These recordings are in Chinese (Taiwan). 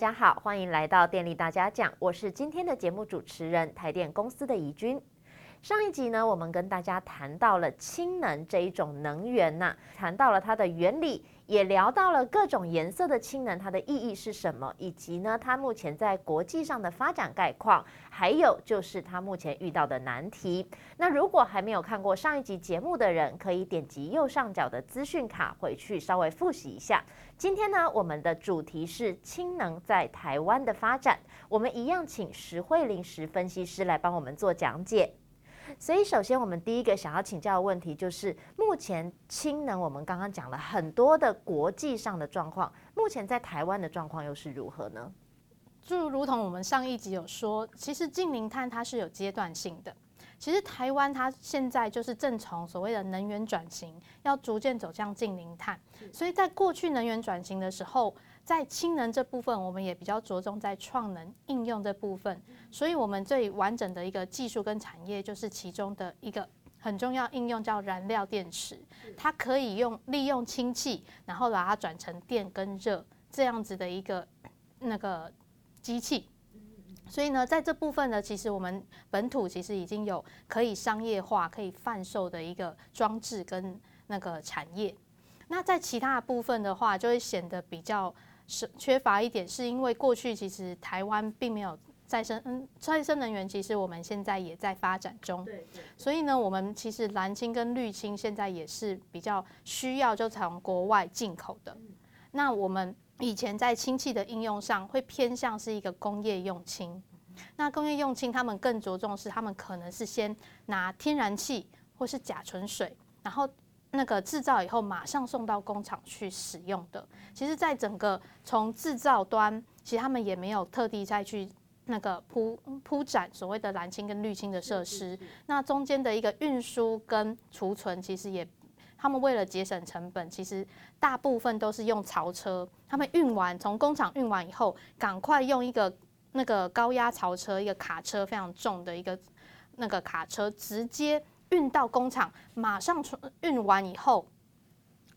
大家好，歡迎來到電力大家講，我是今天的節目主持人，台電公司的怡君。上一集呢，我們跟大家談到了氫能這一種能源呢、啊，談到了它的原理。也聊到了各種顏色的氫能，它的意義是什麼，以及呢，它目前在國際上的發展概況，還有就是它目前遇到的難題。那如果還沒有看過上一集節目的人，可以點擊右上角的資訊卡回去稍微複習一下。今天呢，我們的主題是氫能在台灣的發展，我們一樣請石蕙菱分析師來幫我們做講解。所以，首先我們第一個想要請教的問題就是，目前氫能我們剛剛講了很多的國際上的狀況，目前在台灣的狀況又是如何呢？就如同我們上一集有說，其實淨零碳它是有階段性的。其實台灣它現在就是正從所謂的能源轉型，要逐漸走向淨零碳。是所以在過去能源轉型的時候，在氫能這部分，我們也比較着重在創能應用這部分，所以我們最完整的一個技術跟產業就是其中的一個很重要應用叫燃料電池，它可以用利用氫氣，然後把它轉成電跟熱這樣子的一個那個機器。所以呢，在這部分呢，其實我們本土其實已經有可以商業化、可以販售的一個裝置跟那個產業。那在其他的部分的話，就會顯得比較。是缺乏一點，是因為過去其實台灣並沒有再生，嗯，再生能源其實我們現在也在發展中，對，對，對。所以呢，我們其實藍氫跟綠氫現在也是比較需要，就從國外進口的。嗯。那我們以前在氫氣的應用上，會偏向是一個工業用氫。嗯。那工業用氫，他們更着重是，他們可能是先拿天然氣或是甲醇水，然後。那個製造以後，馬上送到工廠去使用的，其實，在整個從製造端，其實他們也沒有特地再去那個鋪鋪展，所謂的藍氫跟綠氫的設施。那中間的一個運輸跟儲存，其實也他們為了節省成本，其實大部分都是用槽車。他們運完，從工廠運完以後，趕快用一個那個高壓槽車，一個卡車，非常重的一個那個卡車直接，運到工廠，馬上出運完以後，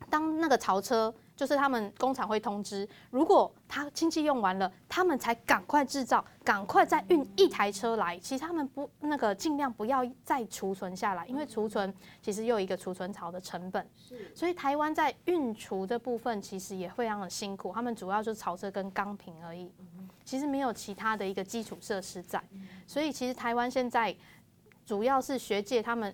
當那個槽車就是他們工廠會通知，如果他氫氣用完了，他們才趕快製造，趕快再運一台車來。其實他們不那個儘量不要再儲存下來，因為儲存其實又有一個儲存槽的成本。是所以台灣在運儲的部分其實也非常的辛苦，他們主要就是槽車跟鋼瓶而已，其實沒有其他的一個基礎設施在。所以其實台灣現在。主要是學界，他們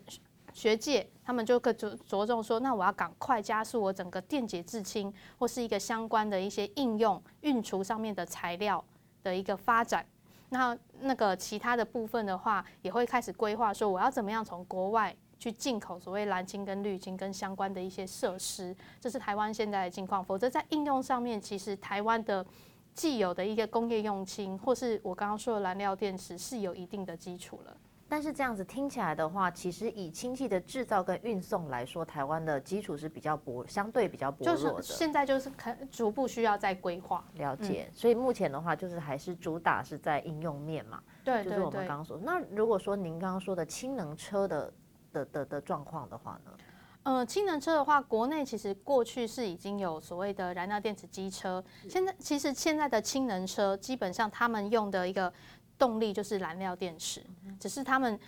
學界他們就可着着重說，那我要趕快加速我整個電解製氫，或是一個相關的一些應用運儲上面的材料的一個發展。那那個其他的部分的話，也會開始規劃說，我要怎麼樣從國外去進口所謂藍氫跟綠氫跟相關的一些設施。這是台灣現在的情況。否則在應用上面，其實台灣的既有的一個工業用氫，或是我剛剛說的燃料電池，是有一定的基礎了。但是這樣子聽起來的話，其實以氫氣的製造跟運送來說，台灣的基礎是比較薄，相對比較薄弱的。就是現在就是逐步需要再規劃了解，嗯、所以目前的話就是還是主打是在應用面嘛。對，對，對，就是我們剛剛說。那如果說您剛剛說的氫能車的的的的狀況的，的話呢？呃，氫能車的話，國內其實過去是已經有所謂的燃料電池機車，現在其實現在的氫能車基本上他們用的一個動力就是燃料電池，Okay. 只是他們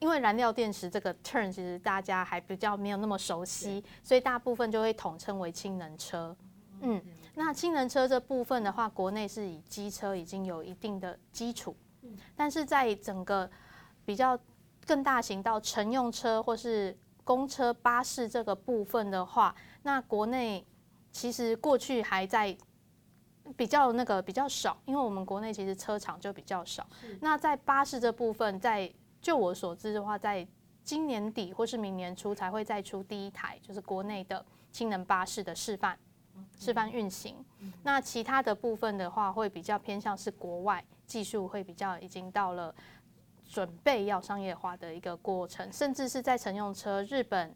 因為燃料電池這個 turn 其實大家還比較沒有那麼熟悉，Yeah. 所以大部分就會統稱為氫能車。Okay. 嗯，那氫能車這部分的話，國內是以機車已經有一定的基礎，Okay. 但是在整個比較更大型到乘用車或是公車巴士這個部分的話，那國內其實過去還在。比較那個比較少，因為我們國內其實車廠就比較少。是。那在巴士這部分在，在就我所知的話，在今年底或是明年初才會再出第一台，就是國內的氫能巴士的示範，Okay. 示範運行。Mm-hmm. 那其他的部分的話，會比較偏向是國外技術，會比較已經到了準備要商業化的一個過程，甚至是在乘用車，日本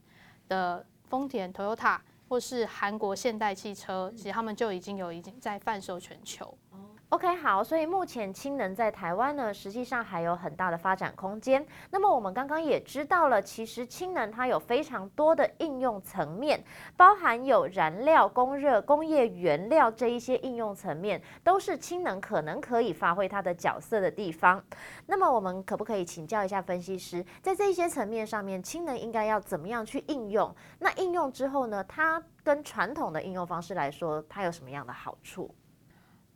的豐田、Toyota。或是韓國現代汽車，其實他們就已經有已經在販售全球。OK，好，所以目前氫能在台灣呢，實際上還有很大的發展空間。那麼我們剛剛也知道了，其實氫能它有非常多的應用層面，包含有燃料、供熱、工業原料這一些應用層面，都是氫能可能可以發揮它的角色的地方。那麼我們可不可以請教一下分析師，在這一些層面上面，氫能應該要怎麼樣去應用？那應用之後呢，它跟傳統的應用方式來說，它有什麼樣的好處？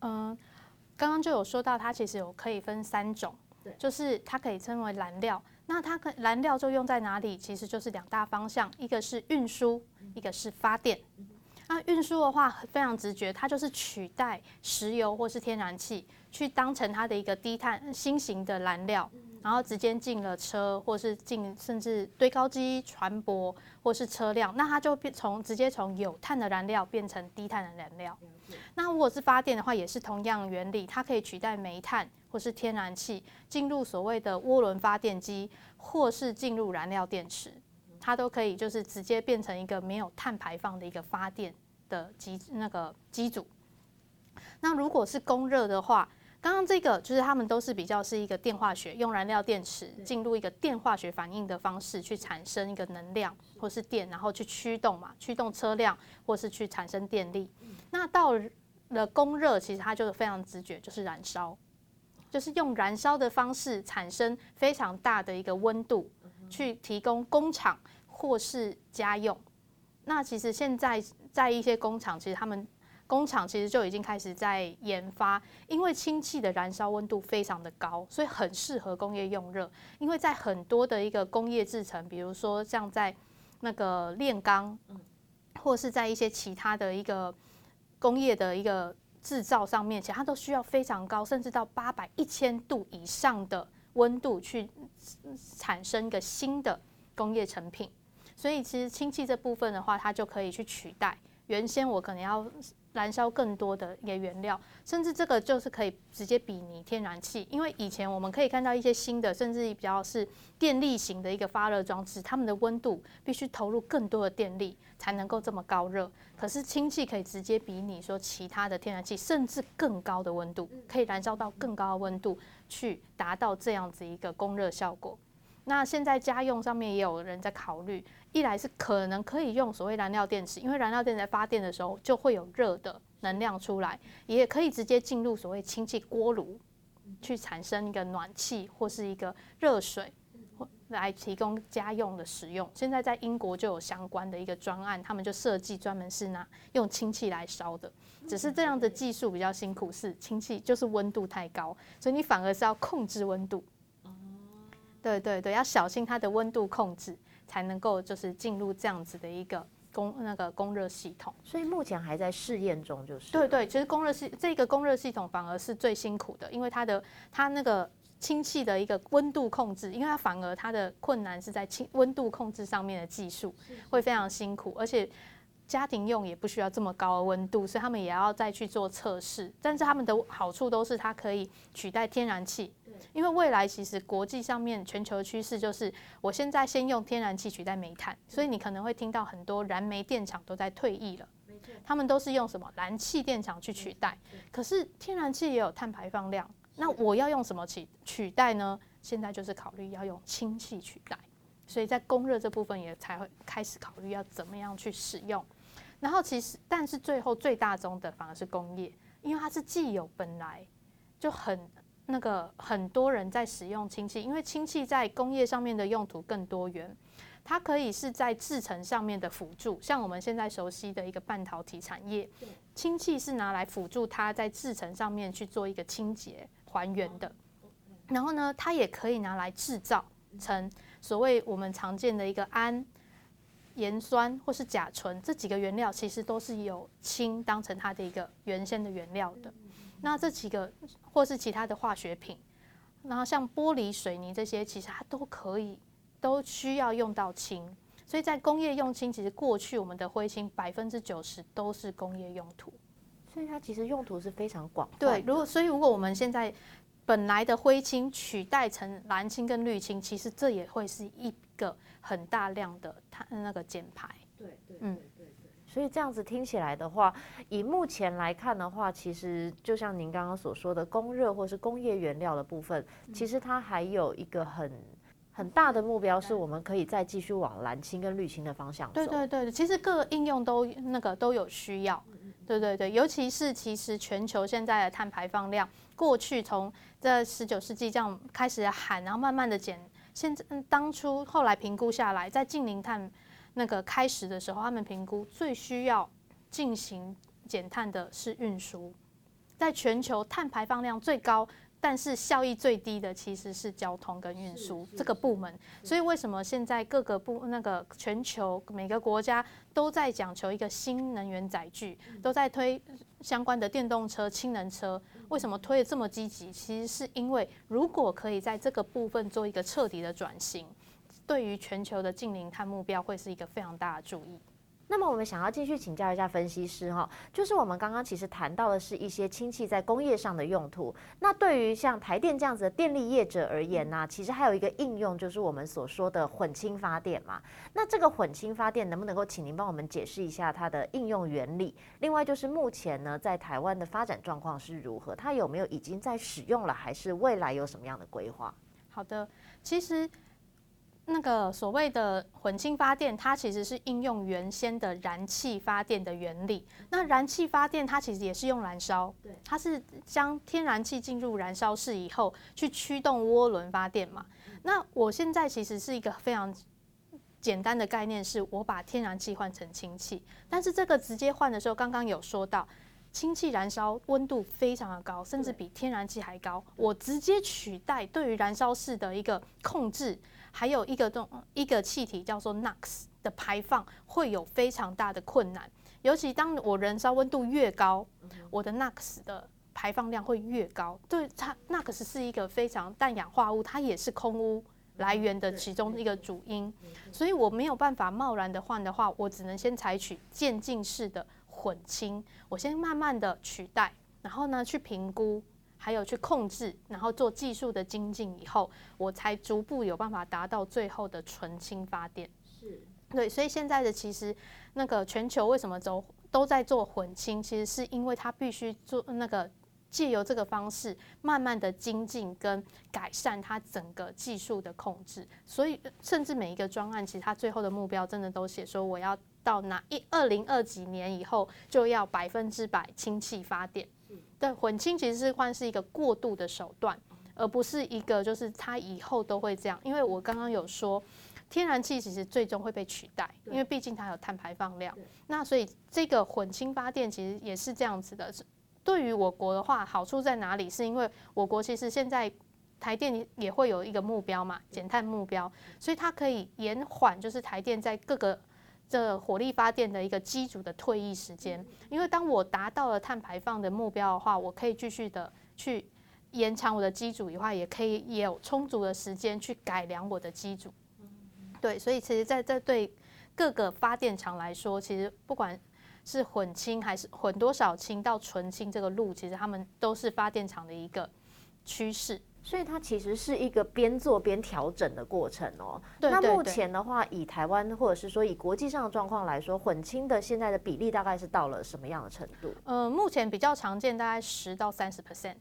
嗯。剛剛就有說到，它其實有可以分三種，對，就是它可以稱為燃料。那它可燃料就用在哪裡？其實就是兩大方向，一個是運輸，一個是發電。那運輸的話，非常直覺，它就是取代石油或是天然氣，去當成它的一個低碳新型的燃料。然後直接進了車，或是進甚至堆高機、船舶，或是車輛，那它就變從直接從有碳的燃料變成低碳的燃料。那如果是發電的話，也是同樣原理，它可以取代煤炭或是天然氣進入所謂的渦輪發電機，或是進入燃料電池，它都可以就是直接變成一個沒有碳排放的一個發電的機那個機組。那如果是供熱的話，剛剛這個就是他們都是比較是一個電化學，用燃料電池進入一個電化學反應的方式去產生一個能量或是電，然後去驅動嘛，驅動車輛或是去產生電力。那到了供熱，其實它就是非常直覺，就是燃燒，就是用燃燒的方式產生非常大的一個溫度，去提供工廠或是家用。那其實現在在一些工廠，其實他們。工廠其實就已經開始在研發，因為氫氣的燃燒溫度非常的高，所以很適合工業用熱。因為在很多的一個工業製程，比如說像在那個煉鋼，嗯，或是在一些其他的一個工業的一個製造上面，其實它都需要非常高，甚至到八百、一千度以上的溫度去產生一個新的工業成品。所以其實氫氣這部分的話，它就可以去取代原先我可能要。燃燒更多的一個原料，甚至這個就是可以直接比擬天然氣。因為以前我們可以看到一些新的，甚至比較是電力型的一個發熱裝置，它們的溫度必須投入更多的電力才能夠這麼高熱。可是氫氣可以直接比擬說其他的天然氣，甚至更高的溫度，可以燃燒到更高的溫度去達到這樣子一個供熱效果。那現在家用上面也有人在考慮，一來是可能可以用所謂燃料電池，因為燃料電池在發電的時候就會有熱的能量出來，也可以直接進入所謂氫氣鍋爐，去產生一個暖氣或是一個熱水，來提供家用的使用。現在在英國就有相關的一個專案，他們就設計專門是拿用氫氣來燒的，只是這樣的技術比較辛苦，是氫氣就是溫度太高，所以你反而是要控制溫度。對對對，要小心它的溫度控制，才能夠就是進入這樣子的一個供那個供熱系統。所以目前還在試驗中，就是。對對，其實供熱系這個供熱系統反而是最辛苦的，因為它的它那個氫氣的一個溫度控制，因為它反而它的困難是在氫溫度控制上面的技術是會非常辛苦，而且家庭用也不需要這麼高的溫度，所以他們也要再去做測試。但是他們的好處都是它可以取代天然氣。因為未來其實國際上面全球趨勢就是，我現在先用天然氣取代煤炭，所以你可能會聽到很多燃煤電廠都在退役了。他們都是用什麼燃氣電廠去取代？可是天然氣也有碳排放量，那我要用什麼去取代呢？現在就是考慮要用氫氣取代，所以在供熱這部分也才會開始考慮要怎麼樣去使用。然後其實，但是最後最大宗的反而是工業，因為它是既有本來就很。那個很多人在使用氫氣，因為氫氣在工業上面的用途更多元，它可以是在製程上面的輔助，像我們現在熟悉的一個半導體產業，氫氣是拿來輔助它在製程上面去做一個清潔還原的。然後呢，它也可以拿來製造成所謂我們常見的一個氨、鹽酸或是甲醇這幾個原料，其實都是由氫當成它的一個原先的原料的。那這幾個，或是其他的化學品，然後像玻璃、水泥這些，其實它都可以都需要用到氫。所以在工業用氫，其實過去我們的灰氫百分之九十都是工業用途，所以它其實用途是非常廣的。對，如果所以如果我們現在本來的灰氫取代成藍氫跟綠氫，其實這也會是一個很大量的碳那個減排。對，對，對。嗯。所以這樣子聽起來的話，以目前來看的話，其實就像您剛剛所說的，供熱或是工業原料的部分，其實它還有一個很很大的目標，是我們可以再繼續往藍氫跟綠氫的方向走。對對對，其實各個應用都那個都有需要，對對對，尤其是其實全球現在的碳排放量，過去從在十九世紀這樣開始喊，然後慢慢的減，現在當初後來評估下來，在淨零碳。那個開始的時候，他們評估最需要進行減碳的是運輸，在全球碳排放量最高，但是效益最低的其實是交通跟運輸這個部門。所以為什麼現在各個部那個全球每個國家都在講求一個新能源載具，都在推相關的電動車、氫能車？為什麼推得這麼積極？其實是因為如果可以在這個部分做一個徹底的轉型。對於全球的近零碳目標，會是一個非常大的助力。那麼，我們想要繼續請教一下分析師哈、哦，就是我們剛剛其實談到的是一些氫氣在工業上的用途。那對於像台電這樣子的電力業者而言呢、啊，其實還有一個應用，就是我們所說的混氫發電嘛。那這個混氫發電能不能夠請您幫我們解釋一下它的應用原理？另外，就是目前呢，在台灣的發展狀況是如何？它有沒有已經在使用了，還是未來有什麼樣的規劃？好的，其實。那個所謂的混氫發電，它其實是應用原先的燃氣發電的原理。那燃氣發電它其實也是用燃燒，對，它是將天然氣進入燃燒室以後去驅動渦輪發電嘛。那我現在其實是一個非常簡單的概念，是我把天然氣換成氫氣，但是這個直接換的時候，剛剛有說到氫氣燃燒溫度非常的高，甚至比天然氣還高。我直接取代對於燃燒室的一個控制，還有一個東一個氣體叫做 N Ox 的排放會有非常大的困難，尤其當我燃燒溫度越高，我的 N Ox 的排放量會越高。對，它 N Ox 是一個非常氮氧化物，它也是空污來源的其中一個主因，所以我沒有辦法貿然的換的話，我只能先採取漸進式的混氫。我先慢慢的取代，然後呢去評估。還有去控制，然後做技術的精進以後，我才逐步有辦法達到最後的純氫發電。是，對，所以現在的其實那個全球為什麼走都在做混氫，其實是因為它必須做那個借由這個方式，慢慢的精進跟改善它整個技術的控制。所以甚至每一個專案，其實它最後的目標真的都寫說，我要到哪一二零二幾年以後就要百分之百氫氣發電。對，混氫其實是換是一個過渡的手段，而不是一個就是它以後都會這樣。因為我剛剛有說，天然氣其實最終會被取代，因為畢竟它有碳排放量。那所以這個混氫發電其實也是這樣子的。對於我國的話，好處在哪裡？是因為我國其實現在台電也會有一個目標嘛，減碳目標，所以它可以延緩就是台電在各個。這火力發電的一個機組的退役時間，因為當我達到了碳排放的目標的話，我可以繼續的去延長我的機組，以後也可以也有充足的時間去改良我的機組。對，所以其實，在在對各個發電廠來說，其實不管是混氫還是混多少氫到純氫這個路，其實他們都是發電廠的一個趨勢。所以它其實是一個邊做邊調整的過程哦。對那目前的話，以台灣或者是說以國際上的狀況來說，混氫的現在的比例大概是到了什麼樣的程度？嗯、呃，目前比較常見大概十到三十 percent。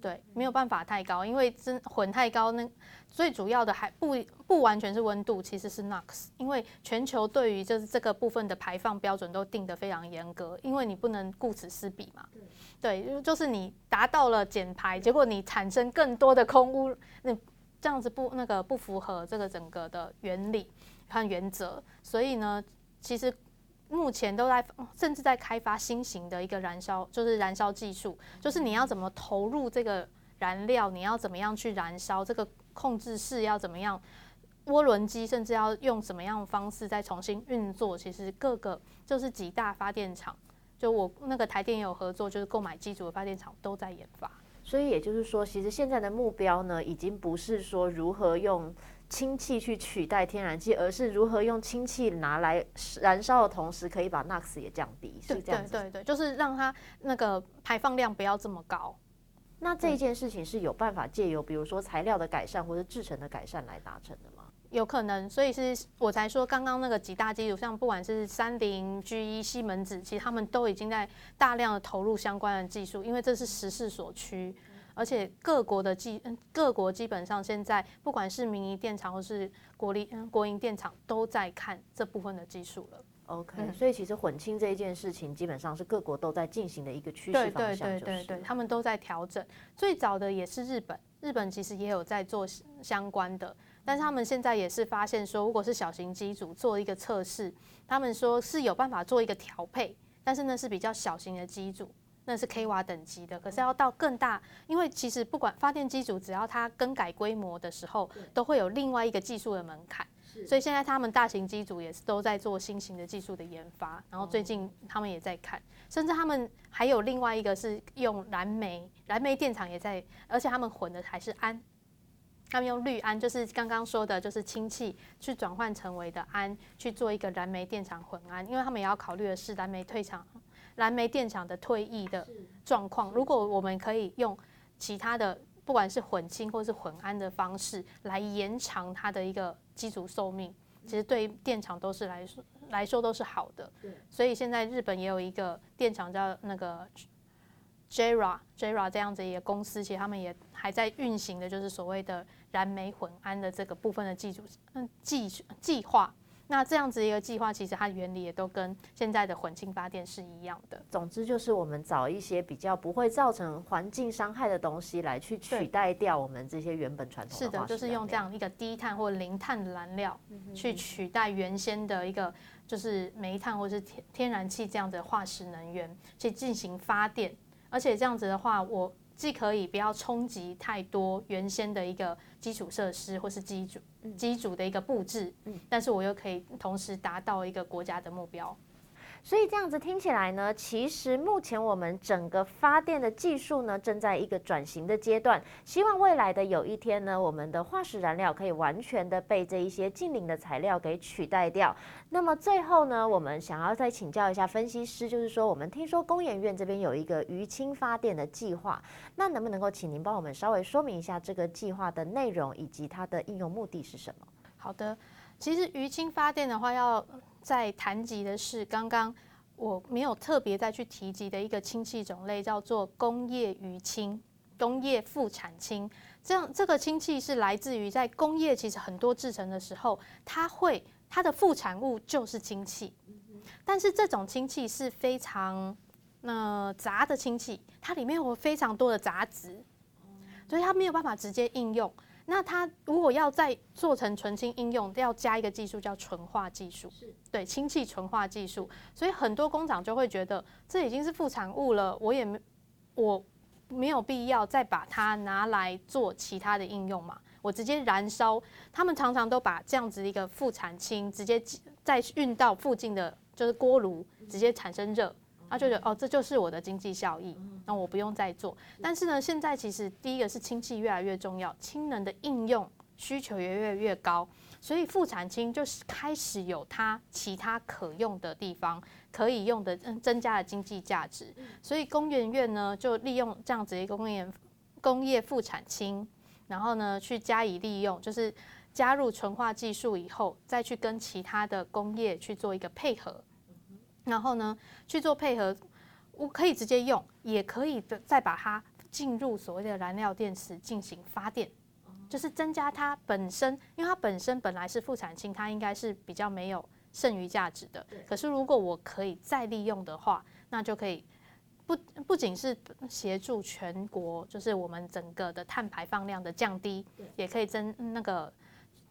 對，沒有辦法太高，因為真混太高，那最主要的還不不完全是溫度，其實是 NOX。因為全球對於就是這個部分的排放標準都定得非常嚴格，因為你不能顧此失彼嘛。對，就就是你達到了減排，結果你產生更多的空污，那這樣子不那個不符合這個整個的原理和原則，所以呢，其實。目前都在，甚至在開發新型的一個燃燒，就是燃燒技術，就是你要怎麼投入這個燃料，你要怎麼樣去燃燒，這個控制室要怎麼樣，渦輪機甚至要用什麼樣的方式再重新運作，其實各個就是幾大發電廠，就我那個台電也有合作，就是購買機組的發電廠都在研發。所以也就是說，其實現在的目標呢，已經不是說如何用。氫氣去取代天然氣，而是如何用氫氣拿來燃燒的同時，可以把 NOx 也降低，對對對對，是這樣子。對對對，就是讓它那個排放量不要這麼高。那這件事情是有辦法借由比如說材料的改善或者製程的改善來達成的嗎？嗯，有可能，所以是我才說剛剛那個幾大基礎上，像不管是三菱、GE、西門子，其實他們都已經在大量的投入相關的技術，因為這是時勢所趨。而且各國的基，各國基本上現在不管是民營電廠或是國力，國營電廠都在看這部分的技術了。OK，嗯，所以其實混氫這一件事情，基本上是各國都在進行的一個趨勢方向，就是，對對對對對，他們都在調整。最早的也是日本，日本其實也有在做相關的，但是他們現在也是發現說，如果是小型機組做一個測試，他們說是有辦法做一個調配，但是那是比較小型的機組。那是 k 瓦等級的，可是要到更大，因為其實不管發電機組，只要它更改規模的時候，是都會有另外一個技術的門檻。是所以現在他們大型機組也是都在做新型的技術的研發，然後最近他們也在看，嗯、甚至他們還有另外一個是用燃煤，燃煤電廠也在，而且他們混的還是氨，他們用綠氨，就是剛剛說的，就是氫氣去轉換成為的氨去做一個燃煤電廠混氨，因為他們也要考慮的是燃煤退場。燃煤電廠的退役的狀況，如果我們可以用其他的，不管是混氫或是混氨的方式，來延長它的一個機組壽命，其實對於電廠都是來說來說都是好的。所以現在日本也有一個電廠叫那個 Jera Jera 這樣子一個公司，其實他們也還在運行的，就是所謂的燃煤混氨的這個部分的機組計計劃。呃那這樣子一個計劃，其實它的原理也都跟現在的混氫發電是一樣的。總之就是我們找一些比較不會造成環境傷害的東西來去取代掉對 我們這些原本傳統的化石燃料。是的，就是用這樣一個低碳或零碳的燃料去取代原先的一個就是煤炭或是天天然氣這樣的化石能源去進行發電，而且這樣子的話我，既可以不要衝擊太多原先的一個基礎設施，或是機組機組的一個布置，但是我又可以同時達到一個國家的目標。所以這樣子聽起來呢，其實目前我們整個發電的技術呢，正在一個轉型的階段。希望未來的有一天呢，我們的化石燃料可以完全的被這一些淨零的材料給取代掉。那麼最後呢，我們想要再請教一下分析師，就是說我們聽說工研院這邊有一個餘氫發電的計劃，那能不能夠請您幫我們稍微說明一下這個計劃的內容以及它的應用目的是什麼？好的。其實餘氫發電的話，要再談及的是，剛剛我沒有特別再去提及的一個氫氣種類，叫做工業餘氫、工業副產氫。這樣，這個氫氣是來自於在工業，其實很多製程的時候，它會它的副產物就是氫氣，但是這種氫氣是非常那、呃、雜的氫氣，它裡面有非常多的雜質，所以它沒有辦法直接應用。那它如果要再做成純氫應用，要加一個技術叫純化技術，是對氫氣純化技術。所以很多工廠就會覺得這已經是副產物了，我也我沒有必要再把它拿來做其他的應用嘛，我直接燃燒。他們常常都把這樣子的一個副產氫直接再運到附近的，就是鍋爐直接產生熱。他、啊、就覺得哦，這就是我的經濟效益，那我不用再做。但是呢，現在其實第一個是氫氣越來越重要，氫能的應用需求也越來越高，所以副產氫就是開始有它其他可用的地方，可以用的增加的經濟價值。所以工研院呢，就利用這樣子一個工業工業副產氫，然後呢去加以利用，就是加入純化技術以後，再去跟其他的工業去做一個配合。然後呢，去做配合，我可以直接用，也可以再把它進入所謂的燃料電池進行發電，嗯、就是增加它本身，因為它本身本來是副產性，它應該是比較沒有剩餘價值的。對可是如果我可以再利用的話，那就可以不不僅是協助全國，就是我們整個的碳排放量的降低，對也可以增、嗯、那個。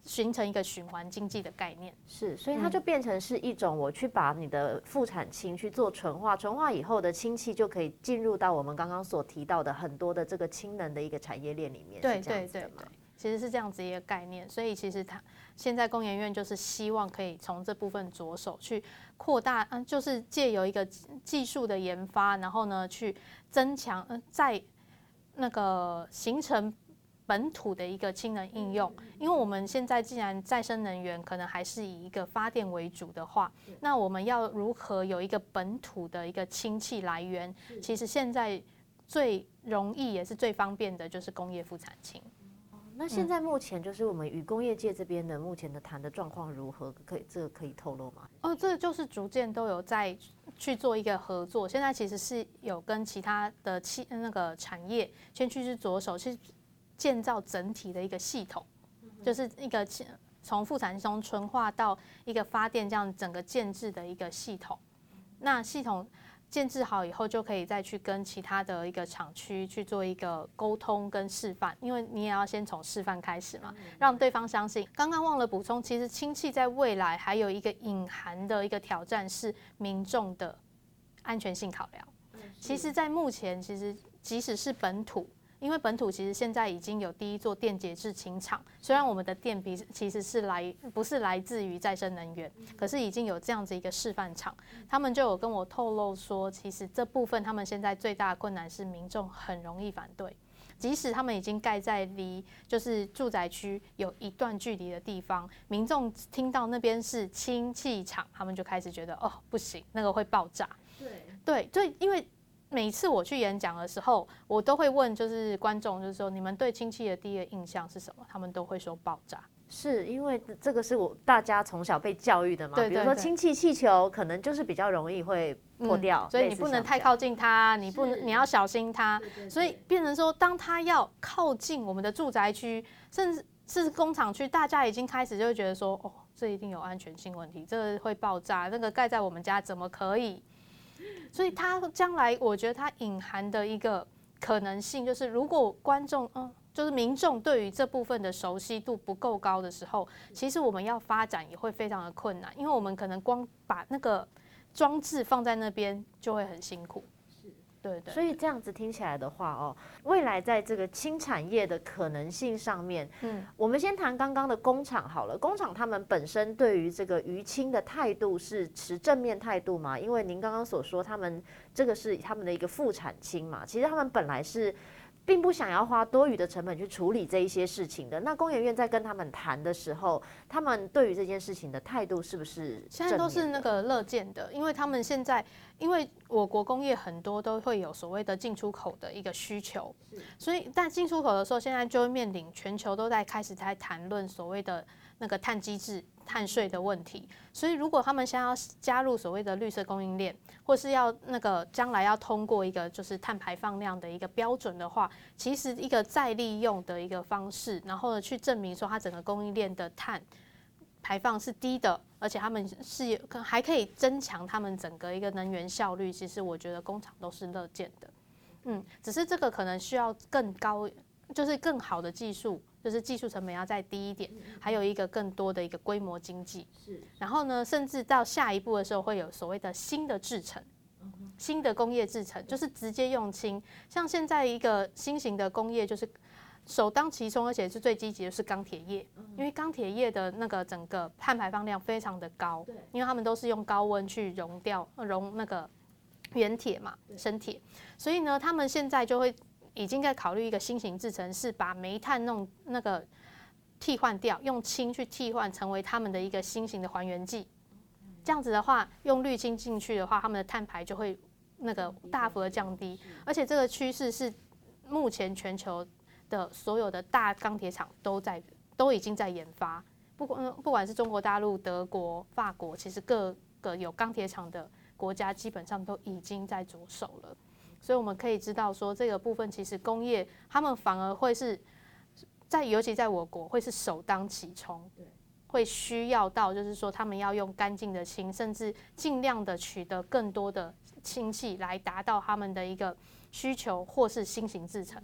形成一個循環經濟的概念是，所以它就變成是一種我去把你的副產氫去做純化，純化以後的氫氣就可以進入到我們剛剛所提到的很多的這個氫能的一個產業鏈裡面是這樣子嗎？對，對對對，其實是這樣子一個概念。所以其實它現在工研院就是希望可以從這部分着手去擴大，嗯，就是借由一個技術的研發，然後呢，去增強，呃，在那個形成。本土的一個氫能應用，嗯、因為我們現在既然再生能源可能還是以一個發電為主的話，嗯、那我們要如何有一個本土的一個氫氣來源？嗯、其實現在最容易也是最方便的，就是工業副產氫。哦。那現在目前就是我們與工業界這邊的目前的談的狀況如何？可以這個可以透露嗎？哦、呃，這個、就是逐漸都有在去做一個合作。現在其實是有跟其他的氣那個產業先去是着手其實建造整體的一個系統，就是一個從副產、從純化到一個發電這樣整個建制的一個系統。那系統建制好以後，就可以再去跟其他的一個廠區去做一個溝通跟示範，因為你也要先從示範開始嘛，讓對方相信。剛剛忘了補充，其實氫氣在未來還有一個隱含的一個挑戰是民眾的安全性考量。其實，在目前，其實即使是本土。因為本土其實現在已經有第一座電解製氫廠，雖然我們的電其其實是來不是來自於再生能源，嗯、哼可是，已經有這樣子一個示範廠，他們就有跟我透露說，其實這部分他們現在最大的困難是民眾很容易反對，即使他們已經蓋在離就是住宅區有一段距離的地方，民眾聽到那邊是氫氣廠，他們就開始覺得哦，不行，那個會爆炸。對對，就因為。每次我去演講的時候，我都會問，就是觀眾，就是說你們對氫氣的第一個印象是什麼？他們都會說爆炸，是因為這個是我大家從小被教育的嘛。對對對。比如說氫氣氣球，可能就是比較容易會破掉，嗯、所以你不能太靠近它，你不能是你要小心它。對對對。所以變成說，當它要靠近我們的住宅區，甚至是工廠區，大家已經開始就會覺得說，哦，這一定有安全性問題，這個會爆炸，那個蓋在我們家怎麼可以？所以它將來，我覺得它隱含的一個可能性，就是如果觀眾，嗯，就是民眾對於這部分的熟悉度不夠高的時候，其實我們要發展也會非常的困難，因為我們可能光把那個裝置放在那邊就會很辛苦。對,對，所以這樣子聽起來的話哦，未來在這個氫產業的可能性上面，嗯，我們先談剛剛的工廠好了。工廠他們本身對於這個餘氫的態度是持正面態度嘛？因為您剛剛所說，他們這個是他們的一個副產氫嘛，其實他們本來是。並不想要花多餘的成本去處理這一些事情的。那工研院在跟他們談的時候，他們對於這件事情的態度是不是？現在都是那個樂見的，因為他們現在因為我國工業很多都會有所謂的進出口的一個需求，是所以但進出口的時候，現在就會面臨全球都在開始在談論所謂的。那個碳機制、碳稅的問題，所以如果他們想要加入所謂的綠色供應鏈，或是要那個將來要通過一個就是碳排放量的一個標準的話，其實一個再利用的一個方式，然後去證明說它整個供應鏈的碳排放是低的，而且他們是可還可以增強他們整個一個能源效率。其實我覺得工廠都是樂見的，嗯，只是這個可能需要更高，就是更好的技術。就是技術成本要再低一點，還有一個更多的一個規模經濟。是，是然後呢，甚至到下一步的時候會有所謂的新的制程，嗯、哼新的工業制程，對就是直接用氫。像現在一個新型的工業，就是首當其衝，而且是最積極的是鋼鐵業，嗯、哼因為鋼鐵業的那個整個碳排放量非常的高，對因為他們都是用高溫去熔掉熔那個原鐵嘛生對鐵，所以呢，他們現在就會。已經在考慮一個新型製程，是把煤炭弄那個替換掉，用氫去替換，成為他們的一個新型的還原劑。這樣子的話，用綠氫進去的話，他們的碳排就會那個大幅的降低。而且這個趨勢是目前全球的所有的大鋼鐵廠都在、都已經在研發，不管不管是中國大陸、德國、法國，其實各個有鋼鐵廠的國家基本上都已經在着手了。所以我們可以知道，說這個部分其實工業他們反而會是在，尤其在我國會是首當其衝，會需要到，就是說他們要用乾淨的氫，甚至盡量的取得更多的氫氣來達到他們的一個需求或是新型製程。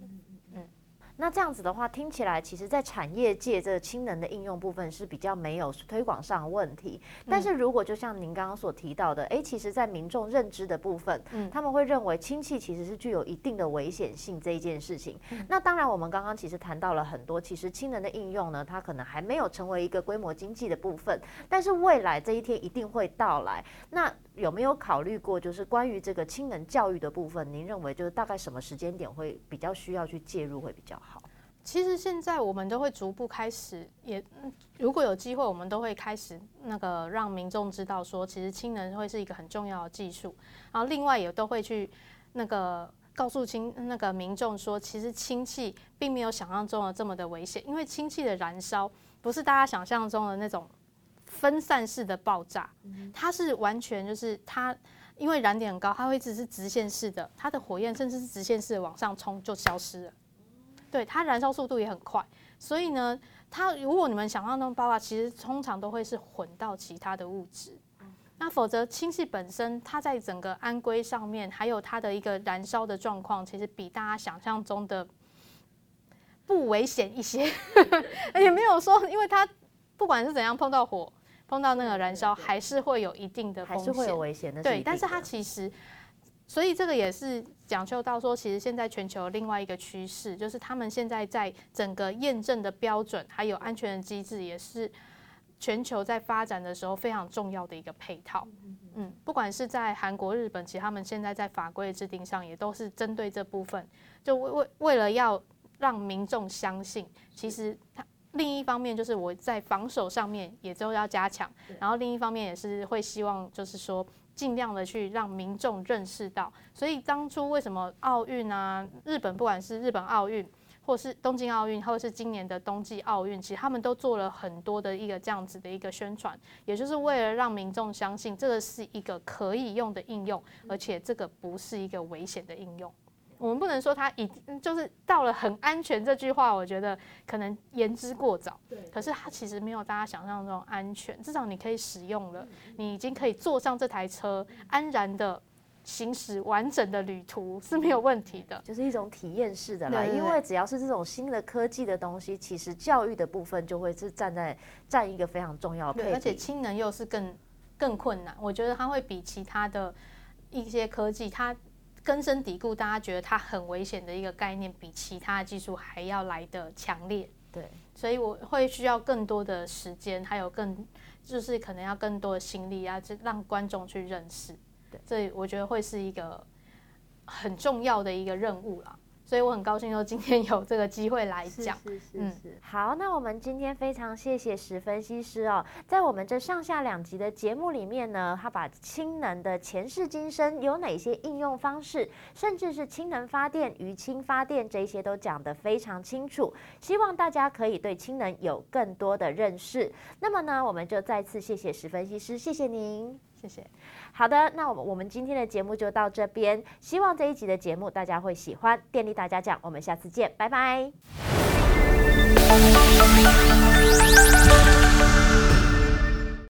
那這樣子的話，聽起來其實，在產業界這個氫能的應用部分是比較沒有推廣上的問題。嗯、但是如果就像您剛剛所提到的，哎、欸，其實，在民眾認知的部分，嗯，他們會認為氫氣其實是具有一定的危險性這一件事情。嗯、那當然，我們剛剛其實談到了很多，其實氫能的應用呢，它可能還沒有成為一個規模經濟的部分，但是未來這一天一定會到來。那有沒有考慮過，就是關於這個氫能教育的部分，您認為就是大概什麼時間點會比較需要去介入會比較好？其實現在我們都會逐步開始，也如果有機會，我們都會開始那個讓民眾知道說，其實氫能會是一個很重要的技術。然後另外也都會去那個告訴親那個民眾說，其實氫氣並沒有想象中的這麼的危險，因為氫氣的燃燒不是大家想象中的那種分散式的爆炸，它是完全就是它因為燃點很高，它會只是直線式的，它的火焰甚至是直線式的往上衝就消失了。對，它燃燒速度也很快，所以呢，它如果你們想象中爆炸，其實通常都會是混到其他的物質。嗯、那否則氫氣本身，它在整個安規上面，還有它的一個燃燒的狀況，其實比大家想象中的不危險一些， 也沒有說，因為它不管是怎樣碰到火，碰到那個燃燒，對對對還是會有一定的風險，還是會有危險的。對，但是它其實。所以這個也是講究到說，其實現在全球的另外一個趨勢，就是他們現在在整個驗證的標準還有安全的機制，也是全球在發展的時候非常重要的一個配套。嗯，不管是在韓國、日本，其實他們現在在法規的制定上也都是針對這部分，就為為為了要讓民眾相信，其實他另一方面就是我在防守上面也都要加強，然後另一方面也是會希望就是說。盡量的去讓民眾認識到，所以當初為什麼奧運啊，日本不管是日本奧運，或是東京奧運，或是今年的冬季奧運，其實他們都做了很多的一個這樣子的一個宣傳，也就是為了讓民眾相信這個是一個可以用的應用，而且這個不是一個危險的應用。我們不能說它已經就是到了很安全這句話，我覺得可能言之過早。可是它其實沒有大家想象中安全。至少你可以使用了，你已經可以坐上這台車，安然的行駛完整的旅途是沒有問題的。就是一種體驗式的啦，因為只要是這種新的科技的東西，其實教育的部分就會是站在占一個非常重要的。對，對，而且氫能又是更更困難，我覺得它會比其他的一些科技它。根深蒂固，大家覺得它很危險的一個概念，比其他技術還要來得強烈。對，所以我會需要更多的時間，還有更就是可能要更多的心力啊，這讓觀眾去認識。對，這我覺得會是一個很重要的一個任務了。所以我很高興說今天有這個機會來講，是是是，嗯，好，那我們今天非常謝謝石分析師哦，在我們這上下兩集的節目裡面呢，他把氫能的前世今生有哪些應用方式，甚至是氫能發電、餘氫發電這一些都講得非常清楚，希望大家可以對氫能有更多的認識。那麼呢，我們就再次謝謝石分析師，謝謝您。謝謝，好的，那我們今天的節目就到這邊。希望這一集的節目大家會喜歡，電力大家講，我們下次見，拜拜。